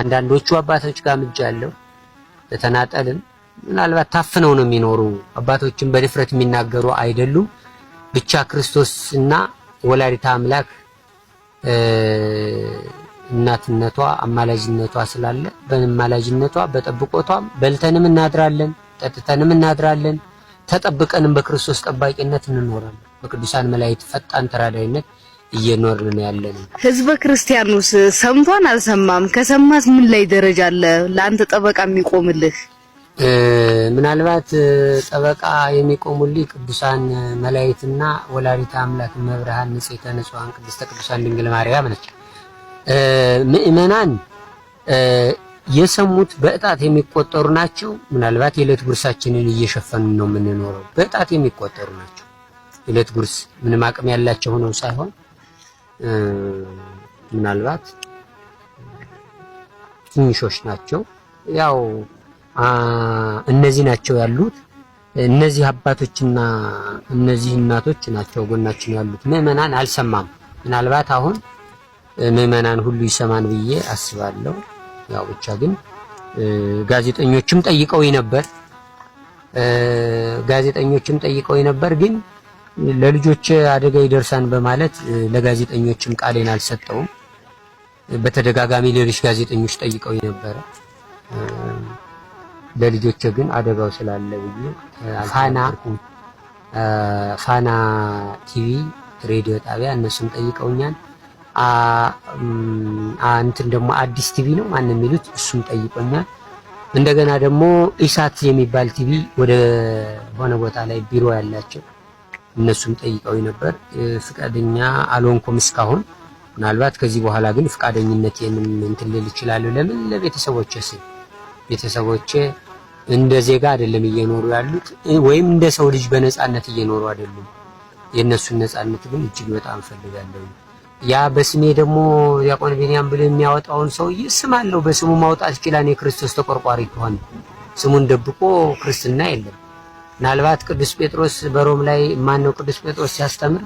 አንዳንዶቹ አባቶች ጋምጃለሁ በተናጠልም ምናልባት ታፍነው ነው የሚኖሩ አባቶችን በድፍረት የሚናገሩ አይደሉም። ብቻ ክርስቶስ እና ወላዲተ አምላክ እናትነቷ አማላጅነቷ ስላለ በማላጅነቷ በጠብቆቷም በልተንም እናድራለን፣ ጠጥተንም እናድራለን፣ ተጠብቀንም በክርስቶስ ጠባቂነት እንኖራለን። በቅዱሳን መላእክት ፈጣን ተራዳይነት እየኖርን ነው ያለን። ህዝበ ክርስቲያኑስ ሰምቷን አልሰማም? ከሰማት ምን ላይ ደረጃ አለ ለአንተ ጠበቃ የሚቆምልህ? ምናልባት ጠበቃ የሚቆሙልህ ቅዱሳን መላእክትና ወላዲተ አምላክ መብርሃን ንጽሕተ ንጹሐን ቅድስተ ቅዱሳን ድንግል ማርያም ነች። ምእመናን የሰሙት በእጣት የሚቆጠሩ ናቸው። ምናልባት የዕለት ጉርሳችንን እየሸፈኑ ነው የምንኖረው። በእጣት የሚቆጠሩ ናቸው። የዕለት ጉርስ ምንም አቅም ያላቸው ሆነው ሳይሆን ምናልባት ትንሾች ናቸው። ያው እነዚህ ናቸው ያሉት እነዚህ አባቶችና እነዚህ እናቶች ናቸው ጎናችን ያሉት። ምዕመናን አልሰማም። ምናልባት አሁን ምዕመናን ሁሉ ይሰማን ብዬ አስባለሁ። ያው ብቻ ግን ጋዜጠኞችም ጠይቀው ነበር። ጋዜጠኞችም ጠይቀው ነበር ግን ለልጆች አደጋ ይደርሳን በማለት ለጋዜጠኞችም ቃሌን አልሰጠውም። በተደጋጋሚ ሌሎች ጋዜጠኞች ጠይቀው ነበረ። ለልጆች ግን አደጋው ስላለ ብዬ ፋና ፋና ቲቪ ሬዲዮ ጣቢያ እነሱም ጠይቀውኛል። እንትን ደግሞ አዲስ ቲቪ ነው ማን የሚሉት እሱም ጠይቆኛል። እንደገና ደግሞ ኢሳት የሚባል ቲቪ ወደ ሆነ ቦታ ላይ ቢሮ ያላቸው እነሱም ጠይቀው ነበር። ፍቃደኛ አልሆንኩም እስካሁን። ምናልባት ከዚህ በኋላ ግን ፍቃደኝነቴንም እንትን ልል እችላለሁ። ለምን ለቤተሰቦች ስል ቤተሰቦቼ እንደ ዜጋ አይደለም እየኖሩ ያሉት፣ ወይም እንደ ሰው ልጅ በነፃነት እየኖሩ አይደሉም። የእነሱን ነፃነት ግን እጅግ በጣም ፈልጋለሁ። ያ በስሜ ደግሞ ዲያቆን ቢንያም ብሎ የሚያወጣውን ሰውዬ ስም አለው። በስሙ ማውጣት ይችላል። የክርስቶስ ተቆርቋሪ ከሆነ ስሙን ደብቆ ክርስትና የለም። ምናልባት ቅዱስ ጴጥሮስ በሮም ላይ ማነው ቅዱስ ጴጥሮስ ሲያስተምር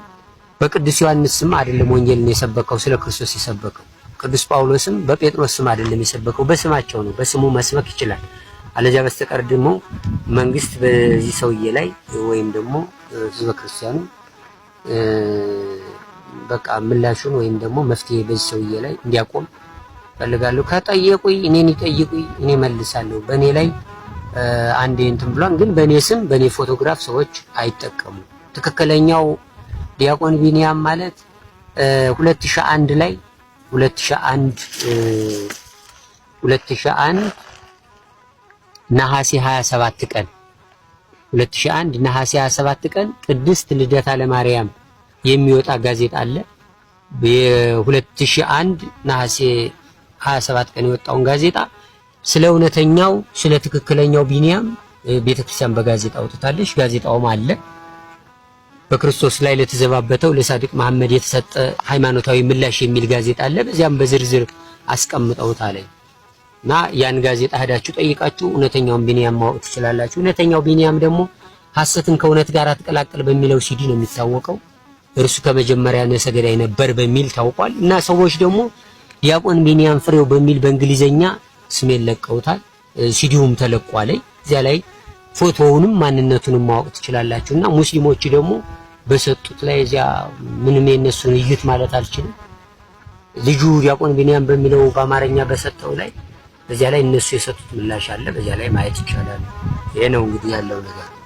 በቅዱስ ዮሐንስ ስም አይደለም ወንጌልን የሰበከው ስለ ክርስቶስ የሰበከው። ቅዱስ ጳውሎስም በጴጥሮስ ስም አይደለም የሰበከው፣ በስማቸው ነው። በስሙ መስበክ ይችላል። አለዚያ በስተቀር ደግሞ መንግስት በዚህ ሰውዬ ላይ ወይም ደግሞ ህዝበ ክርስቲያኑ በቃ ምላሹን ወይም ደግሞ መፍትሄ በዚህ ሰውዬ ላይ እንዲያቆም ፈልጋለሁ። ከጠየቁኝ እኔን ይጠይቁኝ፣ እኔ መልሳለሁ። በእኔ ላይ አንዴ እንትን ብሏን፣ ግን በእኔ ስም በእኔ ፎቶግራፍ ሰዎች አይጠቀሙም። ትክክለኛው ዲያቆን ቢንያም ማለት 2001 ላይ 2001 2001 ነሐሴ 27 ቀን 2001 ነሐሴ 27 ቀን ቅድስት ልደታ ለማርያም የሚወጣ ጋዜጣ አለ። የ2001 ነሐሴ 27 ቀን የወጣውን ጋዜጣ ስለ እውነተኛው ስለ ትክክለኛው ቢንያም ቤተክርስቲያን በጋዜጣ አውጥታለች። ጋዜጣውም አለ በክርስቶስ ላይ ለተዘባበተው ለሳድቅ መሐመድ የተሰጠ ሃይማኖታዊ ምላሽ የሚል ጋዜጣ አለ። በዚያም በዝርዝር አስቀምጠውታል እና ያን ጋዜጣ ሄዳችሁ ጠይቃችሁ እውነተኛውን ቢንያም ማወቅ ትችላላችሁ። እውነተኛው ቢንያም ደግሞ ሐሰትን ከእውነት ጋር አትቀላቅል በሚለው ሲዲ ነው የሚታወቀው። እርሱ ከመጀመሪያ ነፍሰ ነበር በሚል ታውቋል። እና ሰዎች ደግሞ ዲያቆን ቢንያም ፍሬው በሚል በእንግሊዘኛ ስሜን ለቀውታል። ሲዲውም ተለቋለኝ እዚያ ላይ ፎቶውንም ማንነቱንም ማወቅ ትችላላችሁ። እና ሙስሊሞች ደግሞ በሰጡት ላይ እዚያ ምንም የነሱን እይት ማለት አልችልም። ልጁ ዲያቆን ቢንያም በሚለው በአማርኛ በሰጠው ላይ በዚያ ላይ እነሱ የሰጡት ምላሽ አለ። በዚያ ላይ ማየት ይቻላል። ይሄ ነው እንግዲህ ያለው ነገር።